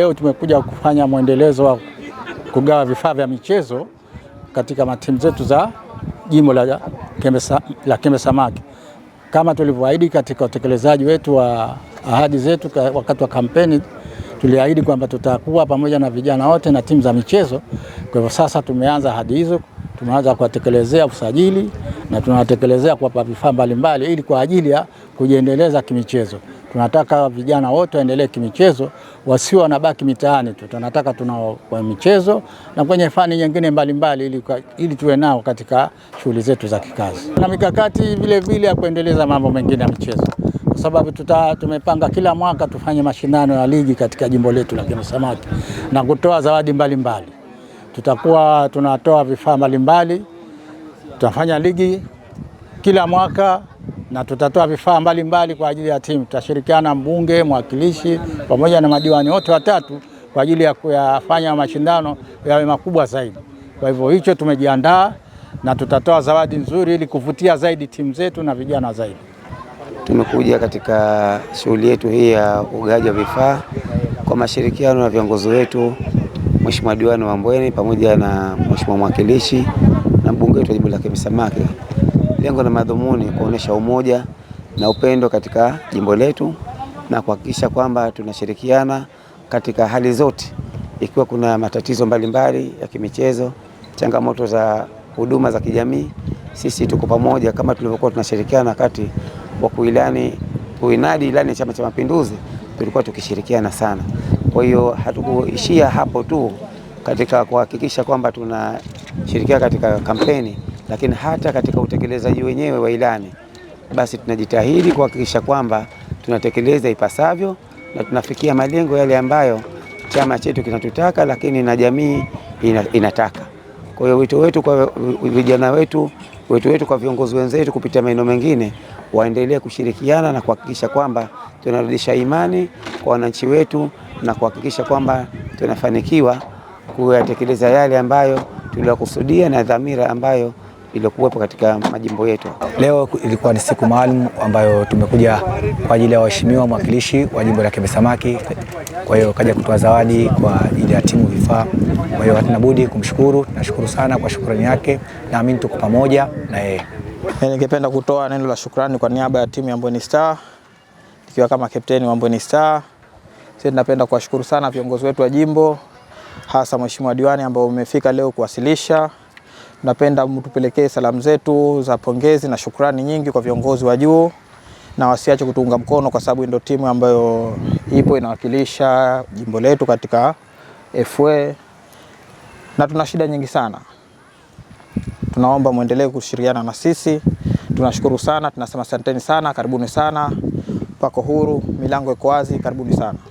Leo tumekuja kufanya mwendelezo wa kugawa vifaa vya michezo katika matimu zetu za jimbo la Kemesa, la Kembe Samaki kama tulivyoahidi katika utekelezaji wetu wa ahadi zetu wakati wa kampeni tuliahidi kwamba tutakuwa pamoja na vijana wote na timu za michezo. Kwa hivyo sasa tumeanza ahadi hizo, tumeanza kuwatekelezea usajili na tunawatekelezea kuwapa vifaa mbalimbali ili kwa ajili ya kujiendeleza kimichezo. Tunataka vijana wote waendelee kimichezo, wasiwe wanabaki mitaani tu. Tunataka tuna kwa michezo na kwenye fani nyingine mbalimbali ili, ili tuwe nao katika shughuli zetu za kikazi na mikakati vile vile ya kuendeleza mambo mengine ya michezo, kwa sababu tuta, tumepanga kila mwaka tufanye mashindano ya ligi katika jimbo letu la Kino na kutoa zawadi mbalimbali mbali. Tutakuwa tunatoa vifaa mbalimbali, tutafanya ligi kila mwaka na tutatoa vifaa mbalimbali kwa ajili ya timu. Tutashirikiana mbunge, mwakilishi pamoja na madiwani wote watatu kwa ajili ya kuyafanya mashindano yawe makubwa zaidi. Kwa hivyo hicho tumejiandaa na tutatoa zawadi nzuri ili kuvutia zaidi timu zetu na vijana zaidi. Tumekuja katika shughuli yetu hii ya ugawaji wa vifaa kwa mashirikiano na viongozi wetu, Mheshimiwa diwani wa Mbweni pamoja na Mheshimiwa mwakilishi na mbunge wetu wa jimbo la Kemisamaki lengo na madhumuni kuonesha umoja na upendo katika jimbo letu na kuhakikisha kwamba tunashirikiana katika hali zote, ikiwa kuna matatizo mbalimbali mbali ya kimichezo, changamoto za huduma za kijamii, sisi tuko pamoja kama tulivyokuwa tunashirikiana wakati wa kuilani kuinadi ilani ya Chama cha Mapinduzi, tulikuwa tukishirikiana sana. Kwa hiyo hatukuishia hapo tu katika kuhakikisha kwamba tunashirikiana katika kampeni lakini hata katika utekelezaji wenyewe wa ilani, basi tunajitahidi kuhakikisha kwamba tunatekeleza ipasavyo na tunafikia malengo yale ambayo chama chetu kinatutaka, lakini na jamii inataka. Kwa hiyo wito wetu kwa vijana wetu, wito wetu kwa viongozi wenzetu kupitia maeneo mengine, waendelee kushirikiana na kuhakikisha kwamba tunarudisha imani kwa wananchi wetu na kuhakikisha kwamba tunafanikiwa kuyatekeleza yale ambayo tuliyokusudia na dhamira ambayo iliyokuwepo katika majimbo yetu. Leo ilikuwa ni siku maalum ambayo tumekuja kwa ajili ya waheshimiwa mwakilishi wa jimbo la Kemesamaki, kwa hiyo kaja kutoa zawadi kwa ajili ya timu vifaa. Kwa hiyo hatuna budi kumshukuru, tunashukuru sana kwa shukrani yake, naamini tuko pamoja na yeye. Ningependa kutoa neno la shukrani kwa niaba ya timu ya Mbweni Star, nikiwa kama kapteni wa Mbweni Star. Sisi tunapenda kuwashukuru sana viongozi wetu wa jimbo, hasa Mheshimiwa Diwani ambao umefika leo kuwasilisha Tunapenda mtupelekee salamu zetu za pongezi na shukrani nyingi kwa viongozi wa juu, na wasiache kutuunga mkono, kwa sababu ndio timu ambayo ipo inawakilisha jimbo letu katika FA, na tuna shida nyingi sana. Tunaomba muendelee kushirikiana na sisi. Tunashukuru sana, tunasema asanteni sana, karibuni sana. Pako huru, milango iko wazi, karibuni sana.